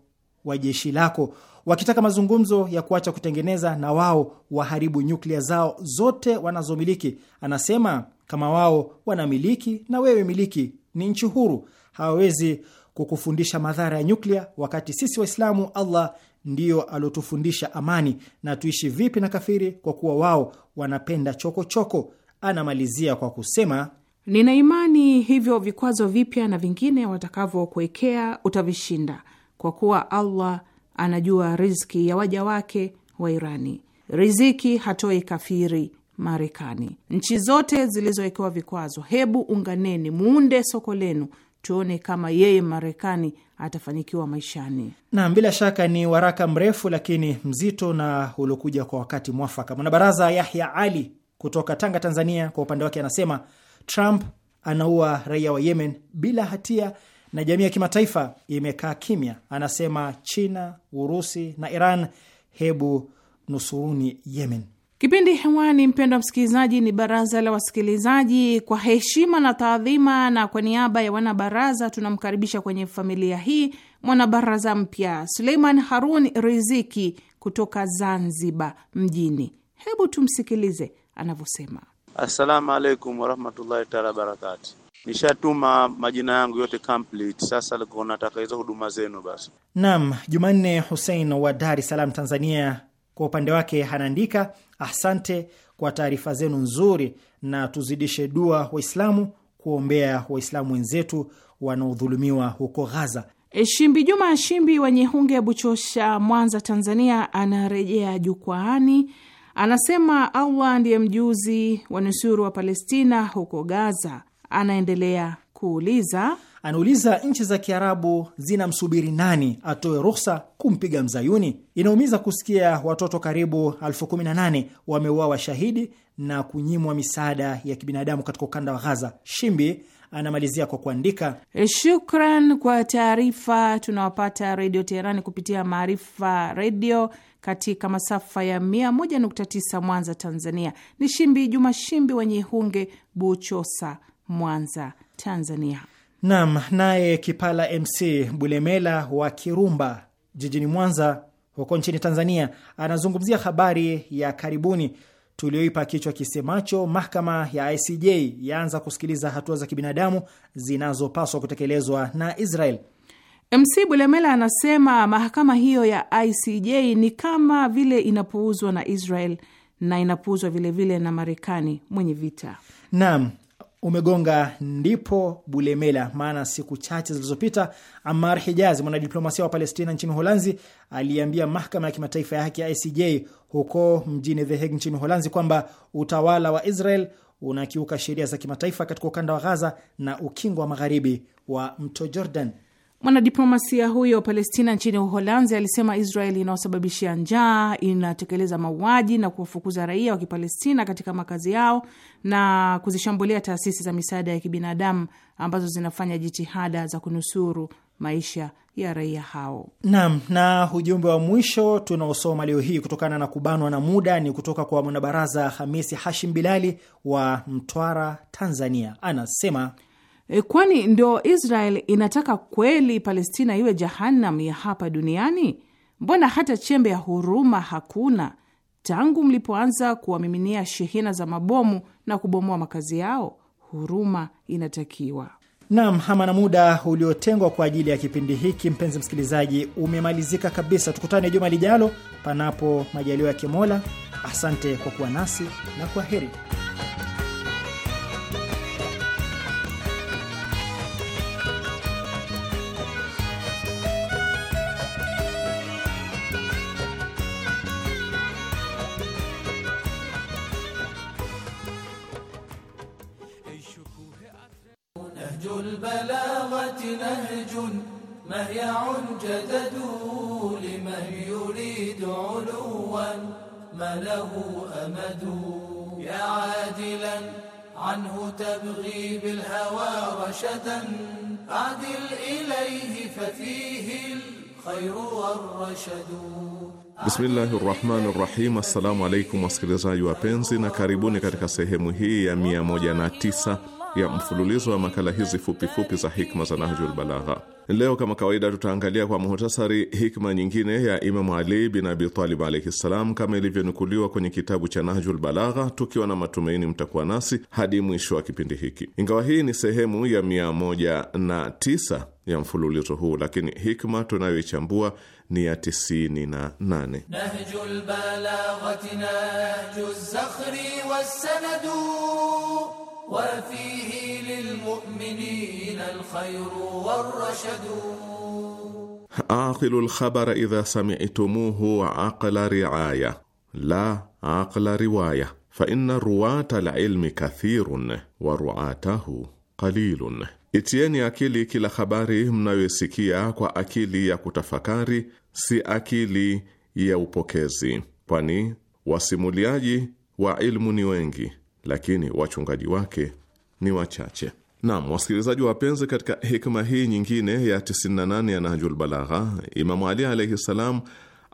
wa jeshi lako. Wakitaka mazungumzo ya kuacha kutengeneza, na wao waharibu nyuklia zao zote wanazomiliki. Anasema kama wao wanamiliki, na wewe miliki, ni nchi huru, hawawezi kukufundisha madhara ya nyuklia, wakati sisi Waislamu Allah ndiyo aliotufundisha amani na tuishi vipi na kafiri, kwa kuwa wao wanapenda chokochoko choko. Anamalizia kwa kusema nina imani hivyo vikwazo vipya na vingine watakavyokuwekea utavishinda, kwa kuwa Allah anajua riziki ya waja wake wa Irani. Riziki hatoi kafiri Marekani. Nchi zote zilizowekewa vikwazo, hebu unganeni, muunde soko lenu tuone kama yeye Marekani atafanikiwa maishani. Naam, bila shaka ni waraka mrefu lakini mzito na uliokuja kwa wakati mwafaka. Mwanabaraza Yahya Ali kutoka Tanga, Tanzania, kwa upande wake anasema Trump anaua raia wa Yemen bila hatia na jamii ya kimataifa imekaa kimya. Anasema China, Urusi na Iran, hebu nusuruni Yemen. Kipindi hewani, mpendwa msikilizaji, ni baraza la wasikilizaji. Kwa heshima na taadhima na kwa niaba ya wanabaraza, tunamkaribisha kwenye familia hii mwanabaraza mpya Suleiman Harun Riziki kutoka Zanzibar mjini. Hebu tumsikilize anavyosema. Assalamu alaikum warahmatullahi taala wabarakatu. Nishatuma majina yangu yote complete. Sasa nataka hizo huduma zenu basi. Naam, Jumanne Hussein wa Dar es Salaam, Tanzania kwa upande wake anaandika, asante kwa taarifa zenu nzuri na tuzidishe dua Waislamu kuombea Waislamu wenzetu wanaodhulumiwa huko Ghaza. Shimbi Juma Shimbi wa Nyehunge, Buchosha, Mwanza, Tanzania, anarejea jukwaani. Anasema Allah ndiye mjuzi wa nusuru wa Palestina huko Gaza. Anaendelea kuuliza Anauliza, nchi za Kiarabu zinamsubiri nani atoe ruhusa kumpiga mzayuni? Inaumiza kusikia watoto karibu elfu kumi na nane wameuawa shahidi na kunyimwa misaada ya kibinadamu katika ukanda wa Ghaza. Shimbi anamalizia kwa kuandika, shukran kwa taarifa. Tunawapata Redio Teherani kupitia Maarifa Redio katika masafa ya 101.9 Mwanza, Tanzania. Ni Shimbi Juma Shimbi wenye hunge Buchosa, Mwanza, Tanzania. Nam naye Kipala MC Bulemela wa Kirumba jijini Mwanza huko nchini Tanzania anazungumzia habari ya karibuni tulioipa kichwa kisemacho mahakama ya ICJ yaanza kusikiliza hatua za kibinadamu zinazopaswa kutekelezwa na Israel. MC Bulemela anasema mahakama hiyo ya ICJ ni kama vile inapuuzwa na Israel na inapuuzwa vilevile na Marekani mwenye vita. Naam, umegonga ndipo Bulemela, maana siku chache zilizopita amar Hijazi, mwanadiplomasia wa Palestina nchini Holanzi, aliambia mahakama ya kimataifa ya haki ya ICJ huko mjini The Hague nchini Holanzi kwamba utawala wa Israel unakiuka sheria za kimataifa katika ukanda wa Ghaza na ukingo wa magharibi wa mto Jordan. Mwanadiplomasia huyo wa Palestina nchini Uholanzi alisema Israeli inaosababishia njaa, inatekeleza mauaji na kuwafukuza raia wa Kipalestina katika makazi yao na kuzishambulia taasisi za misaada ya kibinadamu ambazo zinafanya jitihada za kunusuru maisha ya raia hao. Naam, na ujumbe wa mwisho tunaosoma leo hii kutokana na kubanwa na muda ni kutoka kwa mwanabaraza Hamisi Hashim Bilali wa Mtwara, Tanzania. Anasema Eh, kwani ndo Israel inataka kweli Palestina iwe jehanamu ya hapa duniani? Mbona hata chembe ya huruma hakuna tangu mlipoanza kuwamiminia shehena za mabomu na kubomoa makazi yao? Huruma inatakiwa. Naam, na muda uliotengwa kwa ajili ya kipindi hiki, mpenzi msikilizaji, umemalizika kabisa. Tukutane juma lijalo, panapo majaliwa ya Kimola. Asante kwa kuwa nasi na kwa heri. البلاغة نهج مهيع جدد لمن يريد علوا ما له أمد يا عادلا عنه تبغي بالهوى رشدا أعدل إليه ففيه الخير والرشد Bismillahi rahmani rahim. Assalamu alaikum wasikilizaji wapenzi, na karibuni katika sehemu hii ya mia moja na tisa ya mfululizo wa makala hizi fupifupi za hikma za Nahjul Balagha. Leo kama kawaida, tutaangalia kwa muhtasari hikma nyingine ya Imamu Ali bin Abi Talib alaihi ssalam, kama ilivyonukuliwa kwenye kitabu cha Nahjul Balagha, tukiwa na matumaini mtakuwa nasi hadi mwisho wa kipindi hiki. Ingawa hii ni sehemu ya mia moja na tisa ya mfululizo huu, lakini hikma tunayoichambua ni ya tisini na nane. Nahjul zakhri wassanadu وفيه للمؤمنين الخير والرشد عاقل الخبر إذا سمعتموه عقل رعاية لا عقل رواية فإن رواة العلم كثير ورعاته قليل Itieni akili kila habari mnayoisikia kwa akili ya kutafakari, si akili ya upokezi, kwani wasimuliaji wa ilmu ni wengi lakini wachungaji wake ni wachache. Nam, wasikilizaji wapenzi, katika hikma hii nyingine ya 98 ya Nahjul Balagha, Imamu Ali alaihi ssalam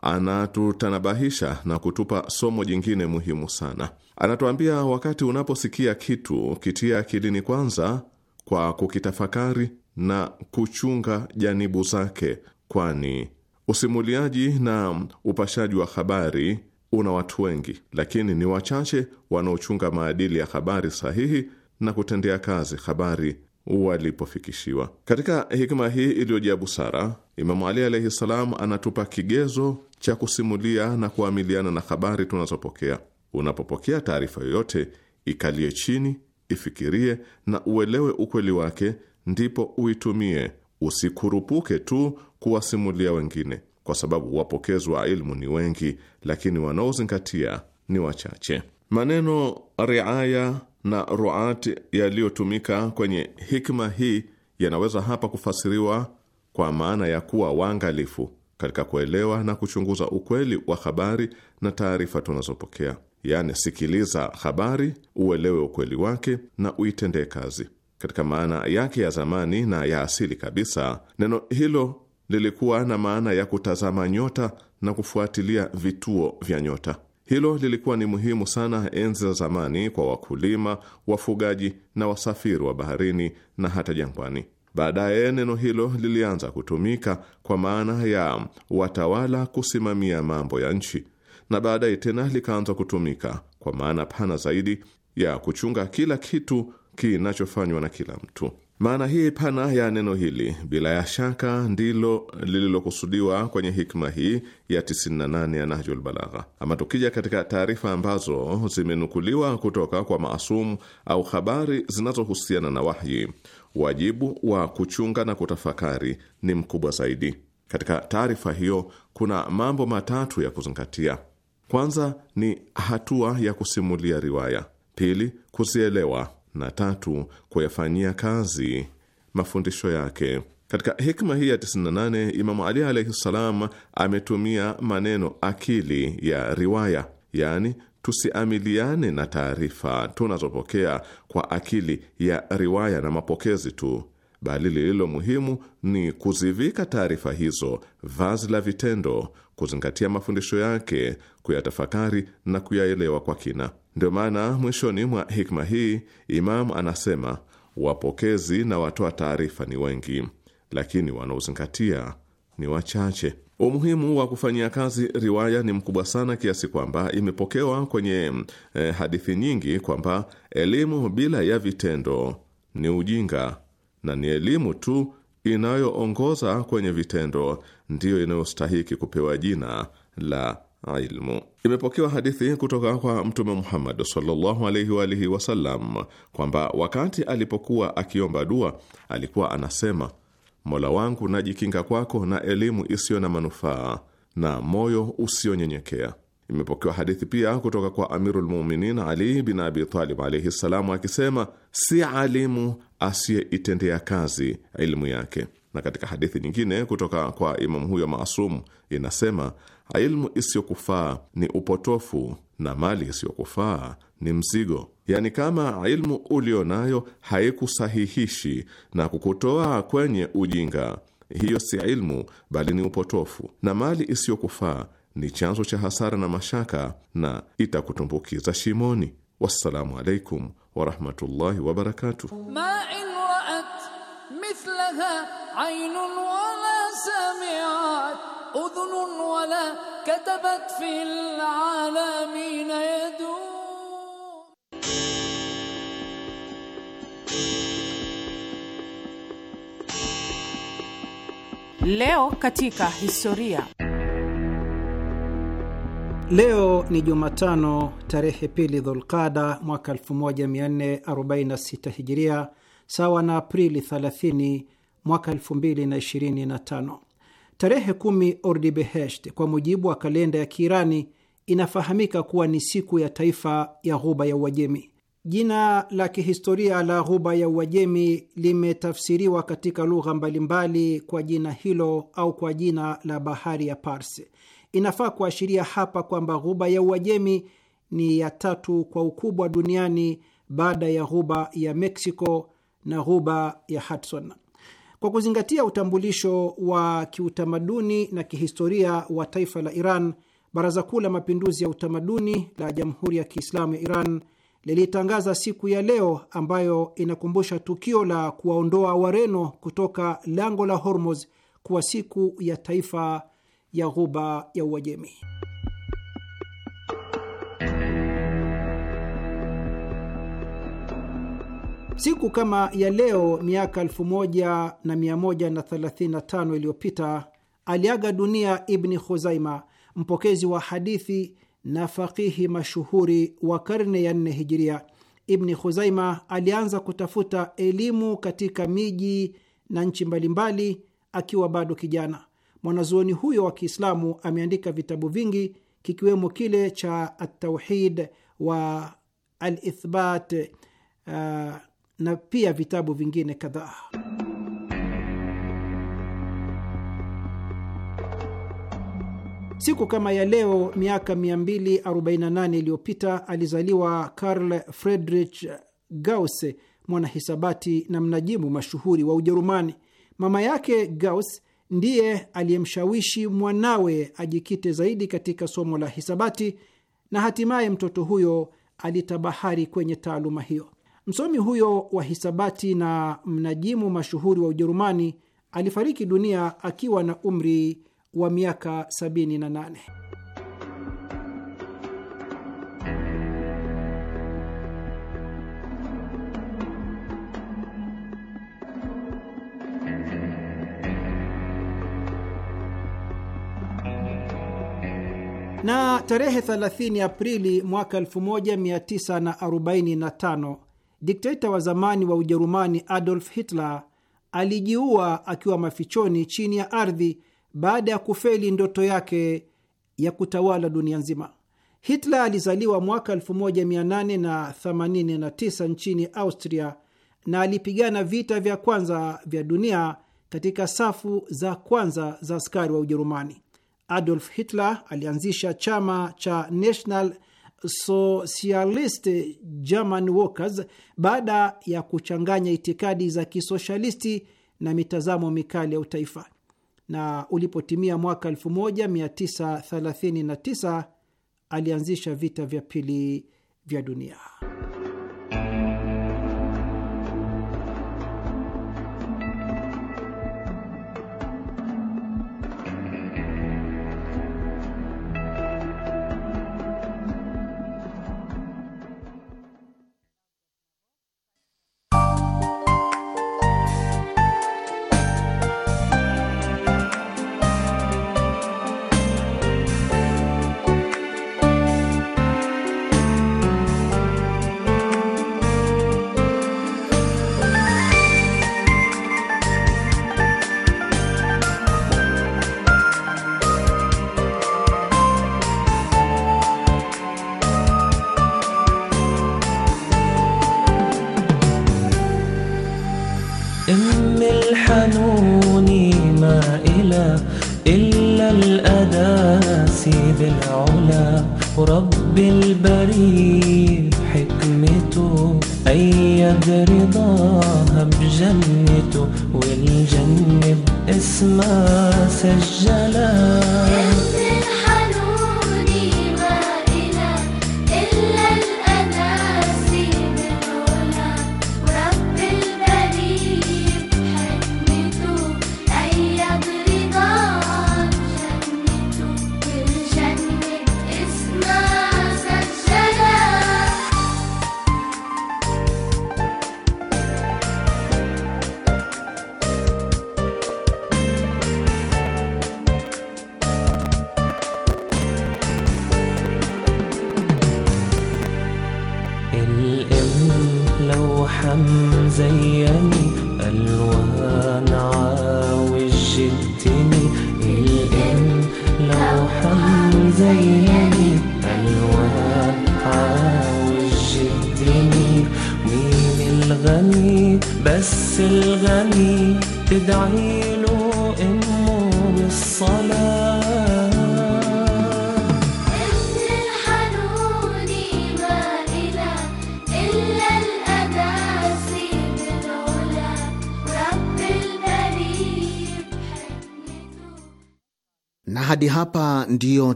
anatutanabahisha na kutupa somo jingine muhimu sana. Anatuambia, wakati unaposikia kitu kitia akilini kwanza kwa kukitafakari na kuchunga janibu zake, kwani usimuliaji na upashaji wa habari una watu wengi, lakini ni wachache wanaochunga maadili ya habari sahihi na kutendea kazi habari walipofikishiwa. Katika hikma hii iliyojaa busara, Imamu Ali alaihi salam anatupa kigezo cha kusimulia na kuamiliana na habari tunazopokea. Unapopokea taarifa yoyote, ikalie chini, ifikirie na uelewe ukweli wake, ndipo uitumie. Usikurupuke tu kuwasimulia wengine kwa sababu wapokezi wa ilmu ni wengi, lakini wanaozingatia ni wachache. Maneno riaya na ruati yaliyotumika kwenye hikma hii yanaweza hapa kufasiriwa kwa maana ya kuwa waangalifu katika kuelewa na kuchunguza ukweli wa habari na taarifa tunazopokea. Yaani, sikiliza habari, uelewe ukweli wake na uitendee kazi. Katika maana yake ya zamani na ya asili kabisa, neno hilo lilikuwa na maana ya kutazama nyota na kufuatilia vituo vya nyota. Hilo lilikuwa ni muhimu sana enzi za zamani kwa wakulima, wafugaji na wasafiri wa baharini na hata jangwani. Baadaye neno hilo lilianza kutumika kwa maana ya watawala kusimamia mambo ya nchi, na baadaye tena likaanza kutumika kwa maana pana zaidi ya kuchunga kila kitu kinachofanywa na kila mtu. Maana hii pana ya neno hili bila ya shaka ndilo lililokusudiwa kwenye hikma hii ya 98 ya Nahjul Balagha. Ama tukija katika taarifa ambazo zimenukuliwa kutoka kwa maasumu au habari zinazohusiana na wahyi, wajibu wa kuchunga na kutafakari ni mkubwa zaidi. Katika taarifa hiyo kuna mambo matatu ya kuzingatia. Kwanza ni hatua ya kusimulia riwaya, pili kuzielewa na tatu kuyafanyia kazi mafundisho yake. Katika hikma hii ya 98 Imamu Ali alaihi ssalam ametumia maneno akili ya riwaya, yaani tusiamiliane na taarifa tunazopokea kwa akili ya riwaya na mapokezi tu, bali lililo muhimu ni kuzivika taarifa hizo vazi la vitendo, kuzingatia mafundisho yake, kuyatafakari na kuyaelewa kwa kina. Ndio maana mwishoni mwa hikma hii Imam anasema wapokezi na watoa taarifa ni wengi, lakini wanaozingatia ni wachache. Umuhimu wa kufanyia kazi riwaya ni mkubwa sana kiasi kwamba imepokewa kwenye e, hadithi nyingi kwamba elimu bila ya vitendo ni ujinga na ni elimu tu inayoongoza kwenye vitendo ndiyo inayostahiki kupewa jina la ilmu. Imepokewa hadithi kutoka kwa Mtume Muhammad sallallahu alaihi wa alihi wasallam kwamba wakati alipokuwa akiomba dua alikuwa anasema, Mola wangu najikinga kwako na elimu isiyo na manufaa na moyo usionyenyekea. Imepokewa hadithi pia kutoka kwa Amirul Mu'minin Ali bin Abi Talib alaihi ssalamu akisema, si alimu asiyeitendea kazi ilmu yake. Na katika hadithi nyingine kutoka kwa imamu huyo maasumu inasema Ilmu isiyokufaa ni upotofu na mali isiyokufaa ni mzigo. Yaani, kama ilmu ulio nayo haikusahihishi na kukutoa kwenye ujinga, hiyo si ilmu, bali ni upotofu. Na mali isiyokufaa ni chanzo cha hasara na mashaka, na itakutumbukiza shimoni. Wassalamu alaikum warahmatullahi wabarakatuh. أذن ولا كتبت في العالمين يد Leo katika historia. Leo ni Jumatano tarehe pili Dhulqada mwaka 1446 Hijiria, sawa na Aprili 30 mwaka 2025. Tarehe kumi Ordibehesht kwa mujibu wa kalenda ya Kiirani inafahamika kuwa ni siku ya taifa ya Ghuba ya Uajemi. Jina la kihistoria la Ghuba ya Uajemi limetafsiriwa katika lugha mbalimbali kwa jina hilo au kwa jina la bahari ya Pars. Inafaa kuashiria hapa kwamba Ghuba ya Uajemi ni ya tatu kwa ukubwa duniani baada ya Ghuba ya Meksiko na Ghuba ya Hudson. Kwa kuzingatia utambulisho wa kiutamaduni na kihistoria wa taifa la Iran, Baraza Kuu la Mapinduzi ya Utamaduni la Jamhuri ya Kiislamu ya Iran lilitangaza siku ya leo ambayo inakumbusha tukio la kuwaondoa Wareno kutoka lango la Hormuz kuwa siku ya taifa ya Ghuba ya Uajemi. Siku kama ya leo miaka 1135 iliyopita aliaga dunia Ibni Khuzaima, mpokezi wa hadithi na faqihi mashuhuri wa karne ya nne hijiria. Ibni Khuzaima alianza kutafuta elimu katika miji na nchi mbalimbali akiwa bado kijana. Mwanazuoni huyo wa Kiislamu ameandika vitabu vingi kikiwemo kile cha Atauhid wa Alithbat uh, na pia vitabu vingine kadhaa. Siku kama ya leo miaka 248 iliyopita alizaliwa Karl Friedrich Gauss, mwanahisabati na mnajimu mashuhuri wa Ujerumani. Mama yake Gauss ndiye aliyemshawishi mwanawe ajikite zaidi katika somo la hisabati na hatimaye mtoto huyo alitabahari kwenye taaluma hiyo. Msomi huyo wa hisabati na mnajimu mashuhuri wa Ujerumani alifariki dunia akiwa na umri wa miaka 78. na tarehe 30 Aprili mwaka 1945 dikteta wa zamani wa Ujerumani Adolf Hitler alijiua akiwa mafichoni chini ya ardhi baada ya kufeli ndoto yake ya kutawala dunia nzima. Hitler alizaliwa mwaka 1889 nchini Austria na alipigana vita vya kwanza vya dunia katika safu za kwanza za askari wa Ujerumani. Adolf Hitler alianzisha chama cha National Socialist German Workers baada ya kuchanganya itikadi za kisoshalisti na mitazamo mikali ya utaifa, na ulipotimia mwaka 1939 alianzisha vita vya pili vya dunia. الأناسي بالعلا رب البريء حكمته أيد رضاها بجنته والجنة باسمها سجلها